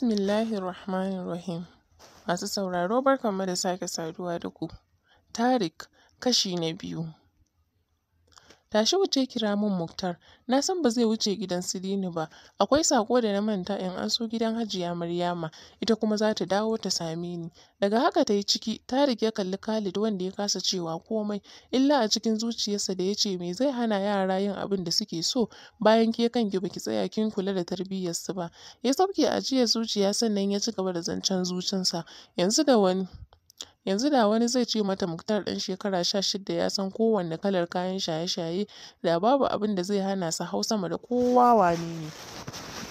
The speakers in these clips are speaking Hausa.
Bismillahirrahmanirrahim. Masu sauraro barkanmu da sake saduwa da ku. Tarik, kashi na biyu. Tashi wuce kira min Muktar, na san ba zai wuce gidan su ba, akwai saƙo da na manta in an so gidan Hajiya Maryama, ita kuma za ta dawo ta same ni. Daga haka ta yi ciki, Tarik ya kalli Khalid wanda ya kasa cewa komai, illa a cikin zuciyarsa da ya ce me zai hana yara yin abin da suke so bayan ke kanki ba ki tsaya kin kula da tarbiyyarsu ba. Ya sauke ajiyar zuciya sannan ya ci gaba da zancen zucinsa, yanzu da wani. Yanzu da wani zai ce mata Muktar ɗan shekara sha-shidda ya san kowanne kalar kayan shaye-shaye da babu abin da zai hana su hau sama da kowa wane ne.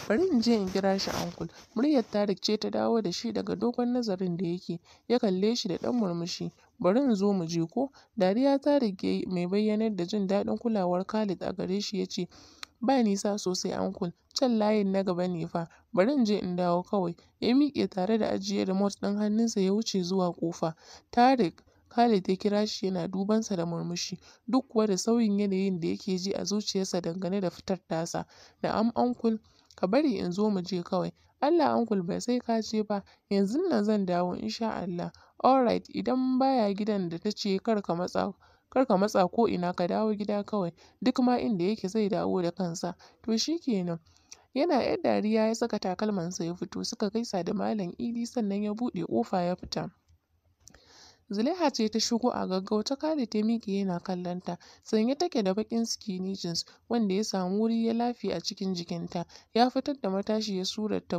Bari in je in kira shi ankul. muryar Tarik ce ta dawo da shi daga dogon nazarin da yake, ya kalle shi da ɗan murmushi. Bari in zo mu je ko? Dariya Tarik ya yi, mai bayyanar da jin daɗin kulawar Khalid a gare shi ya ce. Ba nisa sosai Uncle, can layin na gaba ne fa, bari in je in dawo kawai. Ya miƙe tare da ajiye remote ɗin hannunsa ya wuce zuwa ƙofa. Tarik! Khalid ya kira shi yana dubansa da murmushi, duk kuwa da sauyin yanayin da yake ji a zuciyarsa dangane da fitar tasa. Na'am Uncle, ka bari in zo mu je kawai. Allah Uncle bai sai ka je ba, yanzun nan zan dawo in sha Allah. Alright, idan baya gidan da ta ce kar ka matsa Kar ka matsa ko ina ka dawo gida kawai, duk ma inda yake zai dawo da kansa. To shi kenan. Yana yar dariya ya saka takalmansa ya fito suka gaisa da Malam Idi sannan ya buɗe ƙofa ya fita. Zulaiha ce ta shigo a ta kare ya miƙe yana kallon ta. Sanye take da baƙin skinny jeans wanda ya samu wuri ya lafe a cikin jikinta. Ya fitar da matashi ya surarta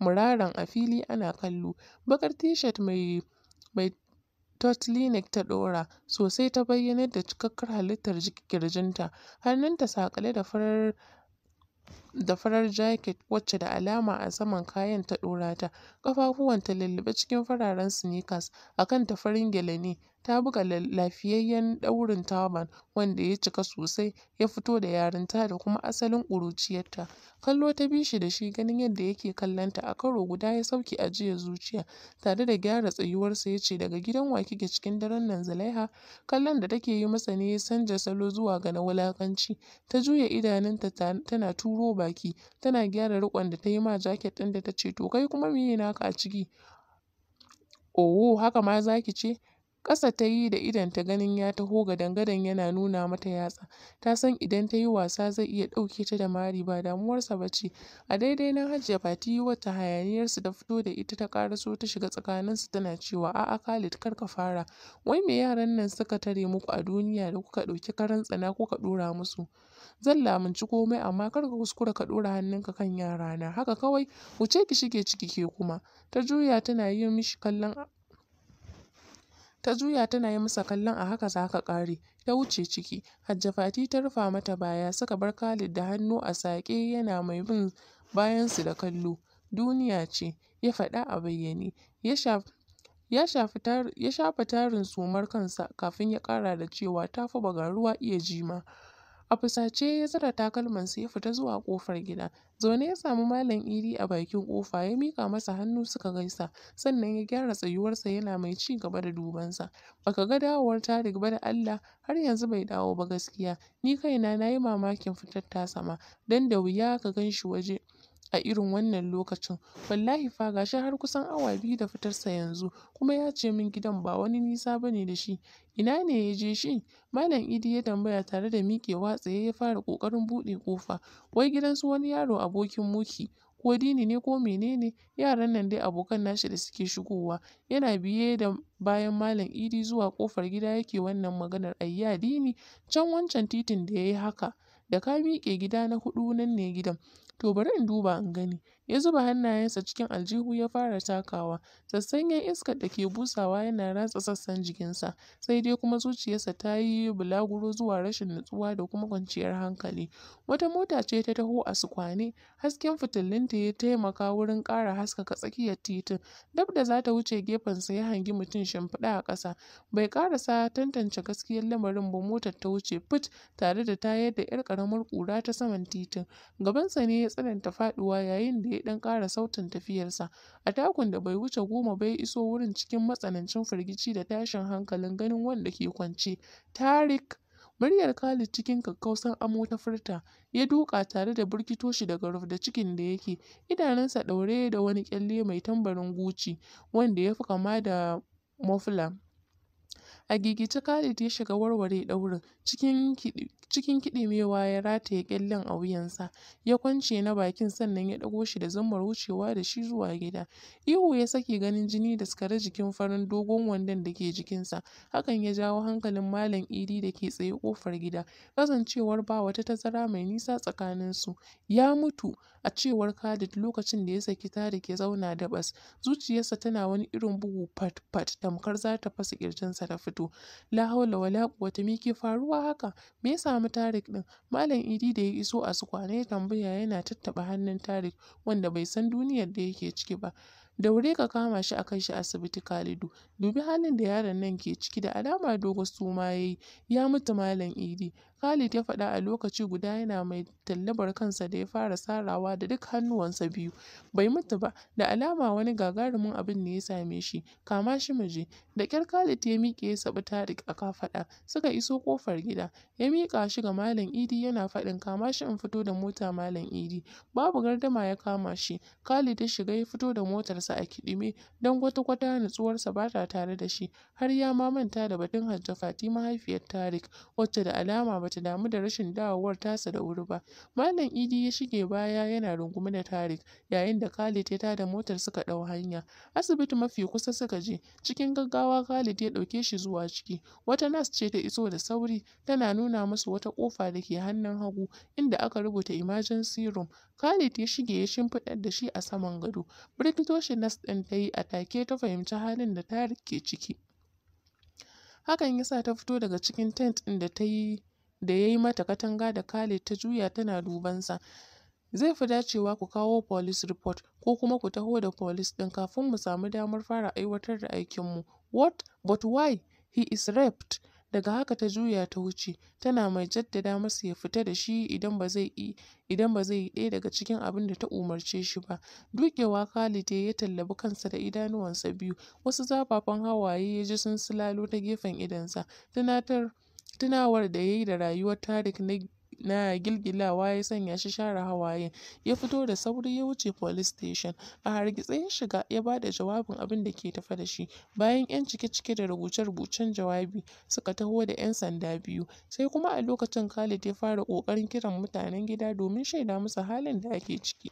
muraran a fili ana kallo. Baƙar Tishet mai, mai Dottley ta ɗora, sosai ta bayyanar da cikakkar halittar kirjinta, hannunta saƙale da farar da farar jaket wacce da alama a saman kayan ta dora ta, ta lulluɓe cikin fararen sneakers, a ta farin gyale ne, ta buga lafiyayyen daurin turban wanda ya cika sosai ya fito da yarinta da kuma asalin ƙuruciyarta. Kallo ta bi shi da shi ganin yadda yake kallon ta a karo guda ya sauke ajiyar zuciya, tare da gyara tsayuwarsa ya ce daga gidan wake ga cikin daren nan Zulaiha? Kallon da take yi masa ne ya canja salo zuwa ga na wulakanci ta juya idanunta tana turo baki. Tana gyara riƙon da ta yi ma jacket ɗin da ta ce to kai kuma meye naka a ciki? Oho haka ma zaki ce? Ƙasa ta yi da idonta ganin ya taho gadan-gadan yana nuna mata yatsa, ta san idan ta yi wasa zai iya ɗauke ta da mari ba damuwarsa ba ce, a daidai nan Hajiya Fati wata hayaniyarsu da fito da ita ta ƙaraso ta shiga tsakaninsu tana cewa, a'a Khalid kar ka fara, wai me yaran nan suka tare muku a duniya da kuka ɗauki karantsana tsana kuka ɗora musu, zan lamunci komai amma kar ka kuskura ka ɗora hannunka kan yarana, haka kawai wuce ki shige ciki ke kuma, ta juya tana yi mishi kallon Ta juya tana yi masa kallon a haka za ka ƙare, ta wuce ciki, Hajja Fati ta rufa mata baya suka bar Khalid da hannu a saƙe yana mai bin bayansu da kallo. Duniya ce, ya faɗa a bayyane, ya shafa tarin sumar kansa kafin ya ƙara da cewa ta fi bagaruwa iya jima. A fusace ya zira takalmansa ya fita zuwa ƙofar gida. Zaune ya samu Malam Idi a bakin ƙofa ya mika masa hannu suka gaisa, sannan ya gyara tsayuwarsa yana mai ci gaba da dubansa. Baka ga dawowar Tarik ba da Allah, har yanzu bai dawo ba gaskiya, ni kaina na yi mamakin fitar tasa ma, dan da wuya ka gan shi waje. a irin wannan lokacin. Wallahi fa ga shi har kusan awa biyu da fitarsa yanzu kuma ya ce min gidan ba wani nisa ba ne da shi. Ina ne ya je shi? Malam Idi ya tambaya tare da miƙewa tsaye ya fara ƙoƙarin buɗe ƙofa. Wai gidan su wani yaro abokin Muki. Ko Dini ne ko menene Yaran nan dai abokan nashi da suke shigowa. Yana biye da bayan Malam Idi zuwa ƙofar gida yake wannan maganar ayya Dini can wancan titin da ya yi haka. Da ka miƙe gida na hudu nan ne gidan. To bari in duba in gani. Ya zuba hannayensa cikin aljihu ya fara takawa, sassanyen iskar da ke busawa yana ratsa sassan jikinsa, sai dai kuma zuciyarsa ta yi bulaguro zuwa rashin nutsuwa da kuma kwanciyar hankali. Wata mota ce ta taho a sukwane, hasken fitilunta ya taimaka wurin ƙara haskaka tsakiyar titin, dab da za ta wuce gefensa ya hangi mutum shimfiɗe a ƙasa, bai ƙarasa tantance gaskiyar lamarin ba motar ta wuce fit tare da tayar da ‘yar ƙaramar ƙura ta saman titin, gabansa ne ya tsananta faɗuwa yayin da ya idan ɗan ƙara sautin tafiyarsa, a takun da bai wuce goma ba ya iso wurin cikin matsanancin firgici da tashin hankalin ganin wanda ke kwance, Tarik. Muryar Khalid cikin kakkausan amo ta furta, ya duka tare da burkito daga ruf da cikin da yake, idanunsa ɗaure da wani ƙyalle mai tambarin guci wanda ya fi kama da mofla. A gigice Khalid ya shiga warware ɗaurin, cikin kiɗimewa ya rataye ƙyallen a wuyansa, ya kwance na bakin sannan ya ɗago shi da zummar wucewa da shi zuwa gida. Ihu ya saki ganin jini da daskare jikin farin dogon wandon da ke jikinsa, hakan ya jawo hankalin Malam Idi da ke tsaye ƙofar gida, kasancewar ba wata tazara mai nisa tsakaninsu. Ya mutu! A cewar Khalid lokacin da ya saki Tarik ya zauna da bas. zuciyarsa tana wani irin bugu fat-fat tamkar za ta fasa ƙirjinsa ta fito. La haula wa quwwata me ke faruwa haka? Me ya samu Tarik ɗin? Malam Idi da ya iso a sukwane ya tambaya yana tattaɓa hannun Tarik wanda bai san duniyar da yake ciki ba. Daure ka kama shi a kai shi asibiti Khalidu. Dubi halin da yaron nan ke ciki da alama dogo suma ya yi. Ya mutu Malam Idi. Khalid ya faɗa a lokaci guda yana mai tallabar kansa da ya fara sarawa da duk hannuwansa biyu. Bai mutu ba, da alama wani gagarumin abin ne ya same shi, kama shi mu Da ƙyar Khalid ya miƙe ya saɓi Tariq a kafaɗa, suka iso ƙofar gida. Ya miƙa shi ga Malam Idi yana faɗin kama shi in fito da mota Malam Idi. Babu gardama ya kama shi, Khalid ya shiga ya fito da motarsa a kiɗime don kwata-kwata nutsuwarsa ba ta tare da shi, har ya ma manta da batun Hajja Fati mahaifiyar Tariq, wacce da alama ba bata damu da rashin dawowar tasa da wuri ba. Malam Idi ya shige baya yana rungume da Tarik yayin da Khalid ya tada motar suka ɗau hanya. Asibiti mafi kusa suka je. Cikin gaggawa Khalid ya ɗauke shi zuwa ciki. Wata nas ce ta iso da sauri tana nuna musu wata ƙofa da ke hannun hagu inda aka rubuta emergency room. Khalid ya shige ya shimfiɗar da shi a saman gado. Birkitoshin nas ɗin ta yi a take ta fahimci halin da Tarik ke ciki. Hakan ya sa ta fito daga cikin tent ɗin da ta yi da ya yi mata katanga da Khalid ta juya tana dubansa. Zai fi dacewa ku kawo police report ko kuma ku taho da police ɗin kafin mu samu damar fara aiwatar da aikinmu. What? But why? He is raped. Daga haka ta juya ta wuce, tana mai jaddada masa ya fita da shi idan ba zai yi idan ba zai yi ɗaya daga cikin abin da ta umarce shi ba. Dukewa Khalid ya tallabi kansa da idanuwansa biyu, wasu zafafan hawaye ya ji sun silalo ta gefen idonsa. Tunatar Tunawar da ya yi da rayuwar Tarik na gilgilawa ya sanya shi share hawayen. Ya fito da sauri ya wuce police station. A hargitse ya shiga ya ba da jawabin abin da ke tafe da shi. Bayan 'yan cike-cike da rubuce-rubucen jawabi suka taho da 'yan sanda biyu. Sai kuma a lokacin Khalid ya fara ƙoƙarin kiran mutanen gida domin shaida musu halin da ake ciki.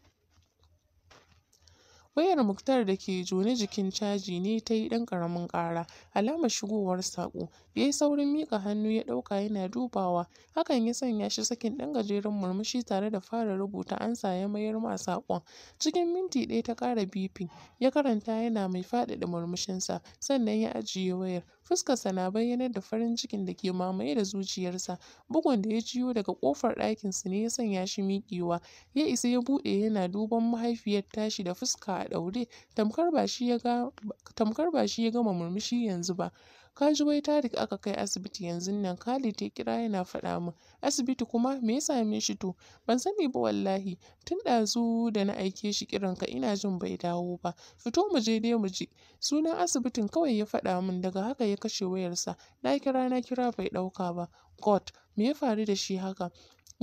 Wayar Muktar da ke jone jikin caji ne ta yi ɗan ƙaramin ƙara, alamar shigowar saƙo, ya yi saurin miƙa hannu ya ɗauka yana dubawa, hakan ya sanya shi sakin ɗan gajeren murmushi tare da fara rubuta ansa ya mayar ma saƙon. Cikin minti ɗaya ta ƙara bipin, ya karanta yana mai faɗaɗa murmushinsa, sannan ya ajiye wayar. Fuskarsa na bayyanar da farin cikin da ke mamaye da zuciyarsa. Bugun da ya jiyo daga ƙofar ɗakinsa ne ya sanya shi miƙewa. Ya isa ya buɗe yana duban mahaifiyar tashi da fuska a ɗaure, tamkar ba shi ya gama murmushi yanzu ba. Ka ji wai Tarik aka kai asibiti yanzun nan Khalid ya kira yana faɗa min. Asibiti kuma me ya same shi to? Ban sani ba wallahi. Tun ɗazu da na aike shi kiran ka ina jin bai dawo ba. Fito mu je dai mu je. Sunan asibitin kawai ya faɗa min daga haka ya kashe wayarsa. Na kira na kira bai ɗauka ba. God me ya faru da shi haka?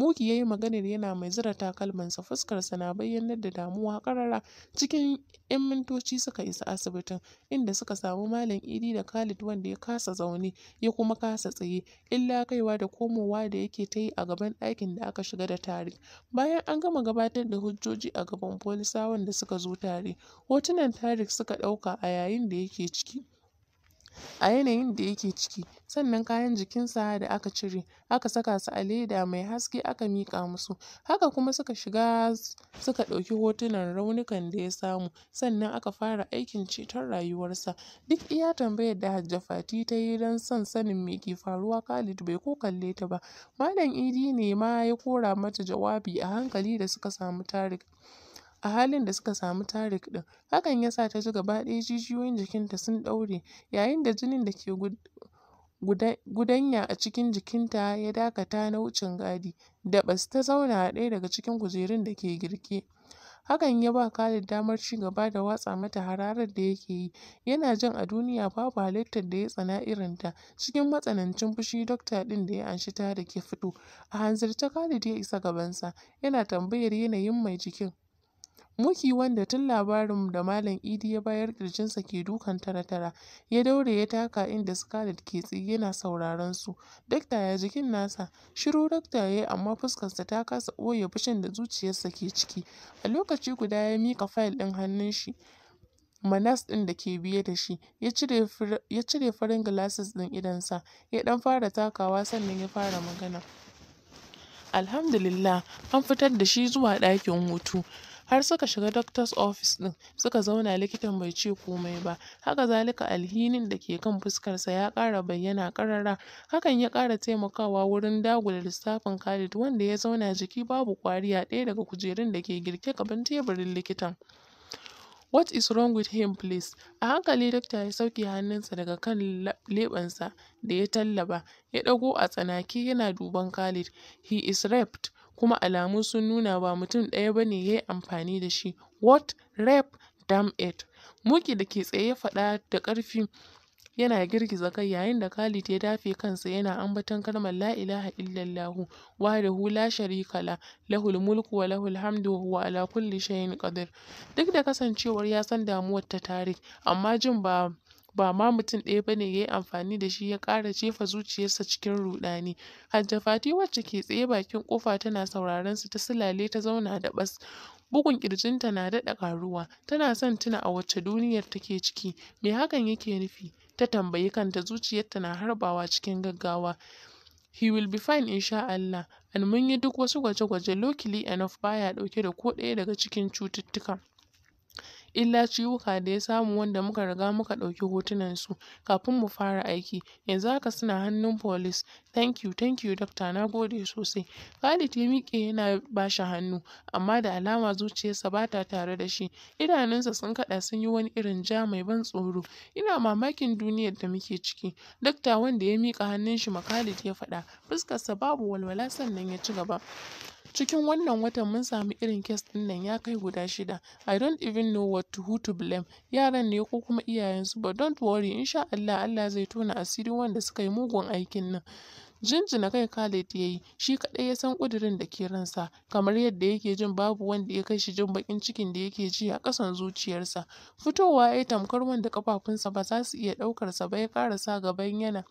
muki ya yi maganar yana mai zura takalmansa, fuskarsa na bayyanar da damuwa ƙarara. Cikin 'yan mintoci suka isa asibitin, inda suka samu Malam Idi da Khalid wanda ya kasa zaune ya kuma kasa tsaye, illa kaiwa da komowa da yake ta yi a gaban ɗakin da aka shiga da Tarik. Bayan an gama gabatar da hujjoji a gaban Folisawan da suka zo tare, hotunan Tarik suka ɗauka a yayin da yake ciki. a yanayin da yake ciki, sannan kayan jikinsa da aka cire, aka saka su a leda mai haske aka miƙa musu. Haka kuma suka shiga suka ɗauki hotunan raunukan da ya samu, sannan aka fara aikin ceton rayuwarsa. Duk iya tambayar da Hajja Fati ta yi don son sanin me ke faruwa Khalid bai ko kalle ta ba. Malam Idi ne ma ya kora mata jawabi a hankali da suka samu Tarik. a halin da suka samu Tarik ɗin, hakan ya sa ta ji gaba ɗaya jijiyoyin jikinta sun ɗaure yayin da jinin da ke gudanya a cikin jikinta ya dakata na wucin gadi, da bas ta zauna a ɗaya daga cikin kujerun da ke girke. Hakan ya ba Khalid damar ci gaba da watsa mata hararar da yake yi, yana jin a duniya babu halittar da ya tsana irin ta. Cikin matsanancin fushi Dokta ɗin da ya anshi Tarik ya fito, a hanzarce Khalid ya isa gabansa, yana tambayar yanayin mai jikin. Muki wanda tun labarin da Malam Idi ya bayar ƙirjinsa ke dukan tara-tara, ya daure ya taka inda Scarlett ke tsaye yana sauraron su. Dakta ya kin nasa? Shiru dakta ya yi amma fuskarsa ta kasa ɓoye fushin da zuciyarsa ke ciki. A lokaci guda ya mika fayil ɗin hannun shi manas ɗin da ke biye da shi, ya cire farin gilasis ɗin idonsa, ya ɗan fara takawa sannan ya fara magana. Alhamdulillah an fitar da shi zuwa ɗakin hutu. Har suka shiga doctor's ofis ɗin suka zauna likitan bai ce komai ba, haka zalika alhinin da ke kan fuskarsa ya ƙara bayyana ƙarara, hakan ya ƙara taimakawa wurin dagula lissafin Khalid wanda ya zauna jiki babu kwariya ɗaya daga kujerun da ke girke gaban teburin likitan. What is wrong with him please? A hankali dakta ya sauke hannunsa daga kan lebansa da ya tallaba, ya ɗago a tsanaki yana duban Khalid. He is raped. kuma alamu sun nuna ba mutum ɗaya ba ne ya yi amfani da shi. What? rep Dam. it! muki da ke tsaye faɗa da ƙarfi yana girgiza kai yayin da Khalid ya dafe kansa yana ambaton kalmar La ilaha illallahu wahdahu la sharika la lahul mulku wa lahul hamdu wa huwa ala kulli shay'in qadir. Duk da kasancewar ya san damuwar ta Tarik amma jin ba ba ma mutum ɗaya ba ne ya yi amfani da shi ya ƙara jefa zuciyarsa cikin ruɗani. Hajja Fati wacce ke tsaye bakin ƙofa tana sauraron su ta silale ta zauna da bas. Bugun ƙirjinta na daɗa ƙaruwa, tana son tuna a wacce duniyar take ciki, me hakan yake nufi? Ta tambayi kanta zuciyarta na harbawa cikin gaggawa. He will be fine insha Allah, And mun yi duk wasu gwaje-gwaje Lokili enough baya ɗauke da ko ɗaya daga cikin cututtuka. illa ciwuka da ya samu wanda muka riga muka ɗauki hotunansu kafin mu fara aiki yanzu haka suna hannun polis, thank you thank you doctor na gode sosai Khalid ya miƙe yana ba shi hannu amma da alama zuciyarsa ba ta tare da shi idanunsa sun kaɗa sun yi wani irin ja mai ban tsoro ina mamakin duniyar da muke ciki Dokta wanda ya miƙa hannun shi ma Khalid ya faɗa fuskarsa babu walwala sannan ya ci gaba Cikin wannan watan mun samu irin kes ɗinnan nan ya kai guda shida. I don't even know what to, who to blame. Yaran ne ko kuma iyayensu but don't worry insha Allah Allah zai tona asiri wanda suka yi mugun aikin nan. Jinjina kai Khalid ya yi, shi kaɗai ya san ƙudurin da ke ransa, kamar yadda yake jin babu wanda ya kai shi jin bakin cikin da yake ji a ƙasan zuciyarsa. Fitowa ya tamkar wanda kafafunsa ba za su iya ɗaukarsa ba ya sa gaban yana.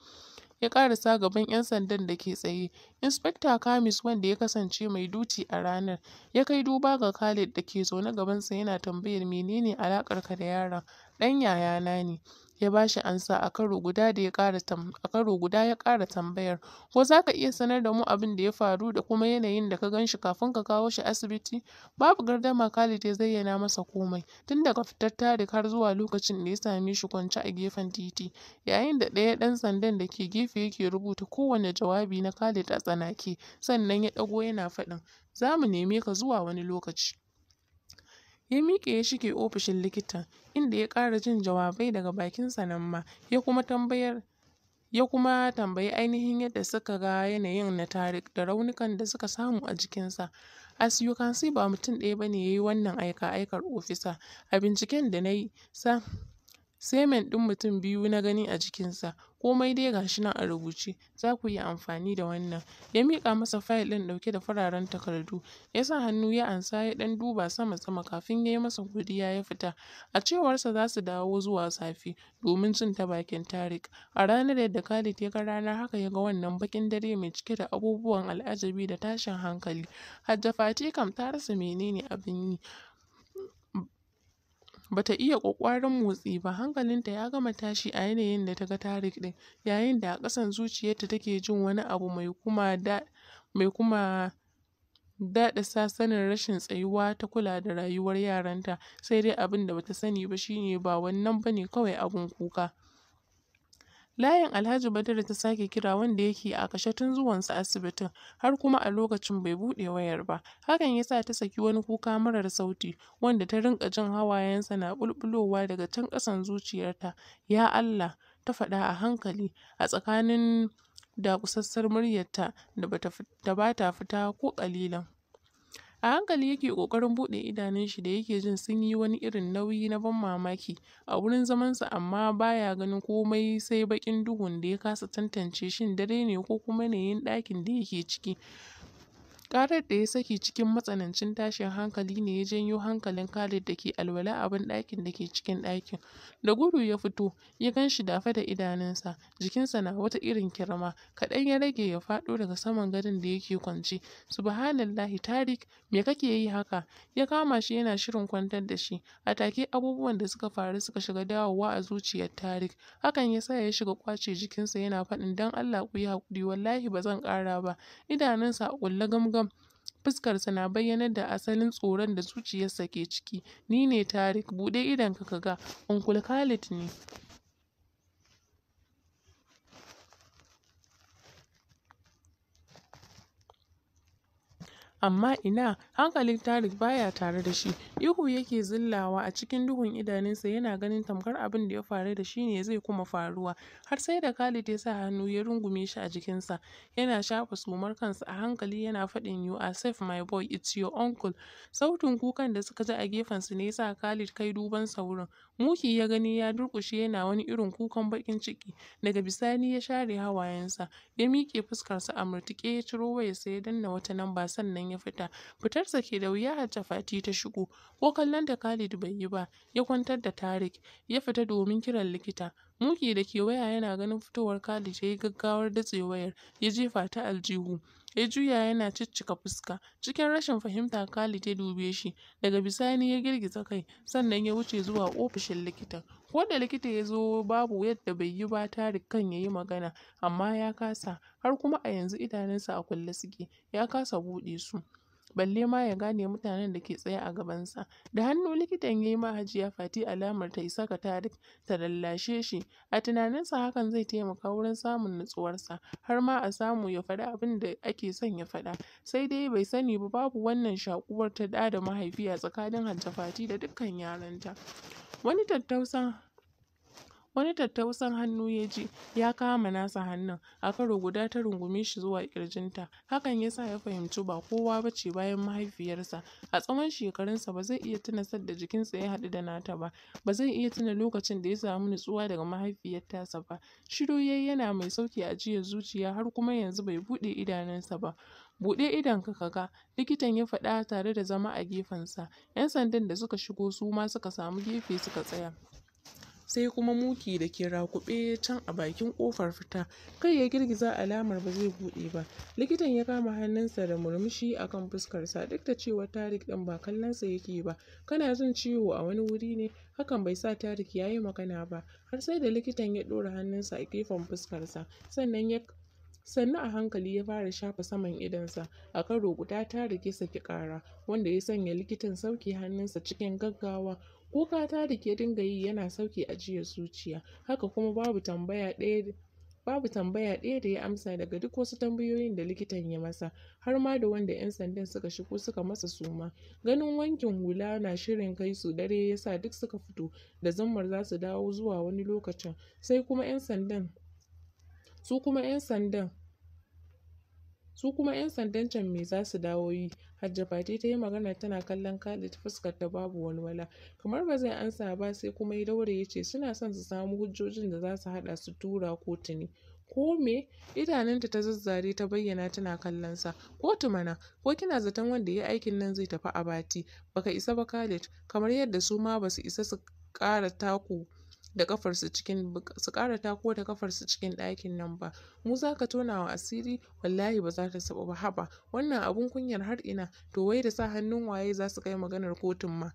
ya karasa gaban 'yan sandan da ke tsaye. Inspekta Kamis wanda ya kasance mai duci a ranar ya kai duba ga Khalid da ke zaune gabansa yana tambayar menene alakar da yaron, ɗan yayana ne. ya ba shi ansa a karo guda da ya ƙara a karo guda ya ƙara tambayar ko za ka iya sanar da mu abin da ya faru da kuma yanayin da ka gan shi kafin ka kawo shi asibiti babu gardama Khalid ya zayyana masa komai tun daga fitar Tarik har zuwa lokacin da ya same shi kwance a gefen titi yayin da ɗaya ɗan sandan da ke gefe yake rubuta kowane jawabi na Khalid a tsanake sannan ya ɗago yana faɗin za mu neme ka zuwa wani lokaci. Ya miƙe ya shige ofishin likitan, inda ya ƙara jin jawabai daga bakinsa nan ma, ya kuma tambayar ya kuma tambayi ainihin yadda suka ga yanayin na tarik da raunukan da suka samu a jikinsa. As you can see ba mutum ɗaya ba ne ya yi wannan aika-aikar ofisa A binciken da na yi, sa. Semen ɗin mutum biyu na gani a jikinsa, komai dai ga shi nan a rubuce, za ku yi amfani da wannan. Ya miƙa masa fayil ɗin ɗauke da fararen takardu, ya sa hannu ya ansa ya ɗan duba sama-sama kafin ya yi masa godiya ya fita. A cewarsa za su dawo zuwa safe, domin cin ta bakin tarik. A ranar yadda Khalid ya ga rana haka ya ga wannan bakin dare mai cike da abubuwan al'ajabi da tashin hankali, Hajja Fati kam ta rasa menene abin yi. bata iya ƙoƙarin motsi ba, hankalinta ya gama tashi a yanayin da ta ga Tarik ɗin, yayin da a ƙasan zuciyarta take jin wani abu mai kuma da mai kuma daɗa sa sanin rashin tsayuwa ta kula da rayuwar yaranta, sai dai abin da bata sani ba shine ba wannan bane kawai abin kuka. Layin Alhaji Badar ta sake kira wanda yake a kashe tun zuwansa asibitin har kuma a lokacin bai buɗe wayar ba, hakan ya sa ta saki wani kuka marar sauti wanda ta rinka jin hawayensa na bulbulowa daga can ƙasan zuciyarta, “Ya Allah,” ta faɗa a hankali, a tsakanin da kusassar muryarta da ba ta fita ko ƙalilan. A hankali yake ƙoƙarin buɗe idanun shi da yake jin sun yi wani irin nauyi na ban mamaki a wurin zamansa amma baya ganin komai sai baƙin duhun da ya kasa tantance shin dare ne ko kuma yanayin ɗakin da yake ciki. Ƙarar da ya saki cikin matsanancin tashin hankali ne ya janyo hankalin Khalid da ke alwala a banɗakin da ke cikin ɗakin. Da gudu ya fito, ya gan shi dafe da idanunsa, jikinsa na wata irin kirma, kaɗan ya rage ya faɗo daga saman gadon da yake kwance. Subhanallahi Tarik, me kake yi haka? Ya kama shi yana shirin kwantar da shi. A take abubuwan da suka faru suka shiga dawowa a zuciyar Tarik. Hakan ya sa ya shiga kwace jikinsa yana faɗin dan Allah ku yi haƙuri wallahi ba zan ƙara ba. Idanunsa a gam-gam fuskarsa na bayyanar da asalin tsoron da zuciyarsa ke ciki. Ni ne tarik buɗe idonka ka ga. Uncle Khalid ne. Amma ina, hankalin Tarik baya tare da shi, ihu yake zillawa a cikin duhun idanunsa yana ganin tamkar abin da ya faru da shi ne zai kuma faruwa, har sai da Khalid ya sa hannu ya rungume shi a jikinsa, yana shafa sumar kansa a hankali yana faɗin “You are safe my boy, it's your uncle.” Sautin kukan da suka ji a gefen su ne ya sa Khalid kai duban sauran Muki ya gani ya durƙushe yana wani irin kukan baƙin ciki, daga bisani ya share hawayensa, ya miƙe fuskarsa a murtuƙe ya ciro wayarsa ya danna wata lamba sannan ya fita. Fitarsa ke da wuya Hajja Fati ta shigo, ko kallon ta Khalid bai yi ba, ya kwantar da Tarik, ya fita domin kiran likita. Muki da ke waya yana ganin fitowar Khalid ya yi gaggawar datse wayar, ya jefa ta aljihu. Ya juya yana ciccika fuska. Cikin rashin fahimta Khalid ya dube shi, daga bisani ya girgiza kai, sannan ya wuce zuwa ofishin likitan. Ko da likita ya zo babu yadda bai yi ba Tarik kan ya yi magana, amma ya kasa, har kuma a yanzu idanunsa a kulle suke, ya kasa buɗe su. balle ma ya gane mutanen da ke tsaye a gabansa. Da hannu likitan ya yi ma Hajiya Fati alamar ta isa ka ta lallashe shi, a tunaninsa hakan zai taimaka wurin samun nutsuwarsa, har ma a samu ya faɗi abin da ake son ya faɗa. Sai dai bai sani ba babu wannan shakuwar ta da mahaifi tsakanin Hajja Fati da dukkan yaranta. Wani tattausan Wani tattausan hannu ya ji, ya kama nasa hannun, a karo guda ta rungume shi zuwa ƙirjinta, hakan ya sa ya fahimci ba kowa ba ce bayan mahaifiyarsa, a tsawon shekarunsa ba zai iya tuna sadda jikinsa ya haɗu da nata ba, ba zai iya tuna lokacin da ya samu nutsuwa daga mahaifiyar sa ba, shiru yayi yana mai a ajiyar zuciya har kuma yanzu bai buɗe idanunsa ba. buɗe idon ka ga likitan ya faɗa tare da zama a gefen sa. ‘yan sandan da suka shigo suma suka samu gefe suka tsaya. sai kuma muki da ke rakuɓe can a bakin ƙofar fita kai ya girgiza alamar ba zai buɗe ba likitan ya kama hannunsa da murmushi akan fuskarsa duk da cewa tarik ɗin ba kallonsa yake ba kana jin ciwo a wani wuri ne hakan bai sa tarik ya yi magana ba har sai da likitan ya ɗora hannunsa a gefen fuskarsa sannan ya sannu a hankali ya fara shafa saman idonsa a karo guda tarik ya saki ƙara wanda ya sanya likitan sauke hannunsa cikin gaggawa kuka ta da ke dinga yi yana sauke ajiyar zuciya haka kuma babu tambaya ɗaya babu tambaya ɗaya da ya amsa daga duk wasu tambayoyin da likitan ya masa har ma da wanda 'yan sandan suka shigo suka masa suma ganin wankin hula na shirin kai su dare yasa duk suka fito da zammar za su dawo zuwa wani lokacin sai kuma 'yan sandan su kuma 'yan sandan Su kuma 'yan sandan can me za su dawo yi? Hajja Fati ta yi magana tana kallon Khalid fuskar ta babu walwala. Kamar ba zai ansa ba sai kuma ya daure ya ce suna son su samu hujjojin da za su haɗa su tura kotu ne. ko me idanunta ta zazzare ta bayyana tana kallon sa kotu mana ko kina zaton wanda ya aikin nan zai tafi a bati baka isa ba Khalid kamar yadda su ma ba su isa su ƙara taku da ƙafarsu cikin su ƙara tako da ƙafarsu cikin ɗakin nan ba mu za ka tona wa asiri wallahi ba za ta saba ba haba wannan abun kunyar har ina to wai da sa hannun waye za su kai maganar kotun ma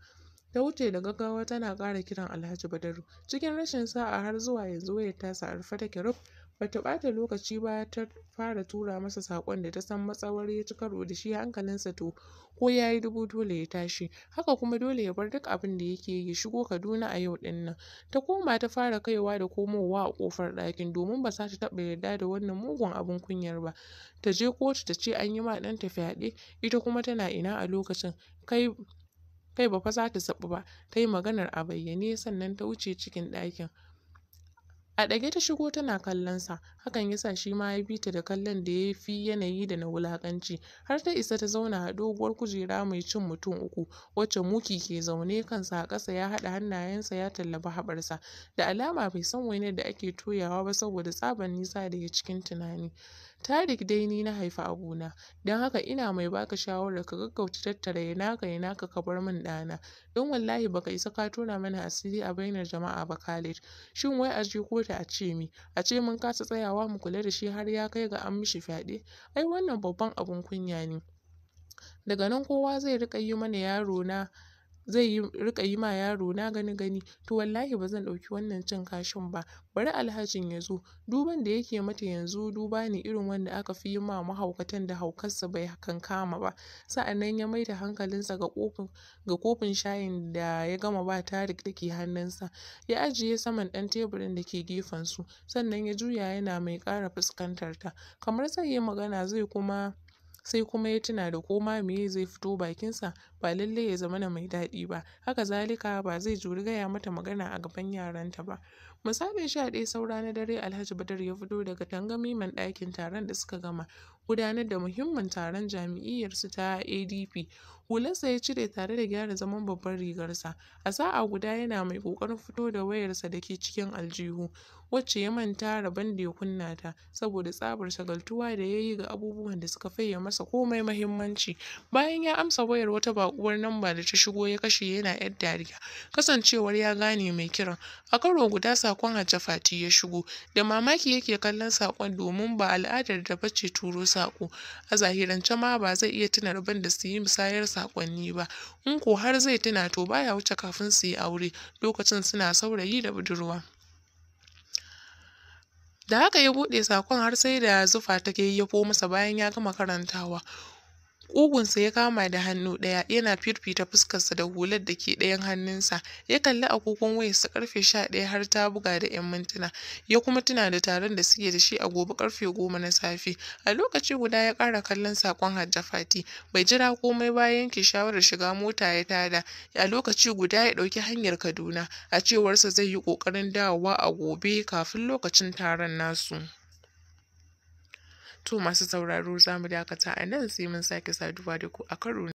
ta wuce da gaggawa tana ƙara kiran alhaji badaru cikin rashin sa'a har zuwa yanzu wayar tasa a rufe take rub Bata ɓata lokaci ba ta fara tura masa saƙon da ta san matsawar ya ci karo da shi hankalinsa to ko ya yi dubu dole ya tashi. Haka kuma dole ya bar duk abin da yake yi shigo Kaduna a yau ɗin nan. Ta koma ta fara kaiwa da komowa a ƙofar ɗakin domin ba za ta taɓa yarda da wannan mugun abin kunyar ba. Ta je kotu ta ce an yi ma ɗanta fyaɗe ita kuma tana ina a lokacin kai kai ba fa za ta saɓu ba ta yi maganar a bayyane sannan ta wuce cikin ɗakin. A ɗage ta shigo tana kallonsa, hakan ya sa shi ma ya bi ta da kallon da ya fi yanayi da na wulaƙanci, har ta isa ta zauna a doguwar kujera mai cin mutum uku, wacce Muki ke zaune kansa a ƙasa ya haɗa hannayensa ya tallabi haɓarsa, da alama bai san wani da ake toyawa ba saboda tsabar nisa da ya cikin tunani. Tarik dai ni na haifi na don haka ina mai baka shawarar ka gaggauta tattara yanaka naka ka bar min ɗana, don wallahi baka isa ka tona mana asiri a bainar jama'a ba Khalid. Shin wai a je kotu a ce mi? A ce mun kasa tsayawa mu kula da shi har ya kai ga an mishi fyaɗe? Ai wannan babban abun kunya ne. Daga nan kowa zai riƙa yi mana yaro na zai yi riƙa yi ma yaro na gani gani to wallahi ba zan ɗauki wannan cin kashin ba bari alhajin ya zo duban da yake mata yanzu duba ne irin wanda aka fi yi ma mahaukatan da haukarsa bai kan kama ba sa'annan ya maida hankalinsa ga kofin ga kofin shayin da ya gama ba Tarik da ke hannunsa ya ajiye saman ɗan teburin da ke gefen su sannan ya juya yana mai ƙara fuskantar ta kamar zai yi magana zai kuma sai kuma ya tuna da koma meye zai fito bakinsa ba lallai ya zamana mai daɗi ba haka zalika ba zai juri gaya mata magana a gaban yaranta ba misalin sha ɗaya saura na dare alhaji badar ya fito daga tangami tangamiman ɗakin taron da suka gama gudanar da muhimman taron su ta ADP. Hularsa ya cire tare da gyara zaman babbar rigarsa, a sa'a guda yana mai ƙoƙarin fito da wayarsa da ke cikin aljihu, wacce ya manta rabon da ya kunna ta, saboda tsabar shagaltuwa da ya yi ga abubuwan da suka faye masa komai mahimmanci. Bayan ya amsa wayar wata bakuwar namba da ta shigo ya kashe yana ‘yar dariya, kasancewar ya gane mai kiran. A karo guda saƙon Hajja Fati ya shigo, da mamaki yake kallon saƙon domin ba al'adar da bace turo sa. saƙo a zahirance ma ba zai iya tuna rabin da su yi musayar saƙonni ba in ko har zai tuna to baya wuce kafin su yi aure lokacin suna saurayi da budurwa da haka ya buɗe saƙon har sai da zufa take yayyafo masa bayan ya gama karantawa Ƙugunsa ya kama da hannu ɗaya, yana firfita fuskarsa da hular da ke ɗayan hannunsa. Ya kalli agogon wayarsa ƙarfe sha ɗaya har ta buga da ‘yan mintuna. Ya kuma tuna da taron da suke da shi a gobe ƙarfe goma na safe. A lokaci guda ya ƙara kallon saƙon Hajja Fati. Bai jira komai ba yanke shawarar shiga mota ya tada. A lokaci guda ya ɗauki hanyar Kaduna. A cewarsa zai yi ƙoƙarin dawowa a gobe kafin lokacin taron nasu. To masu sauraro za mu dakata a nan sai mun sake saduwa da ku a karo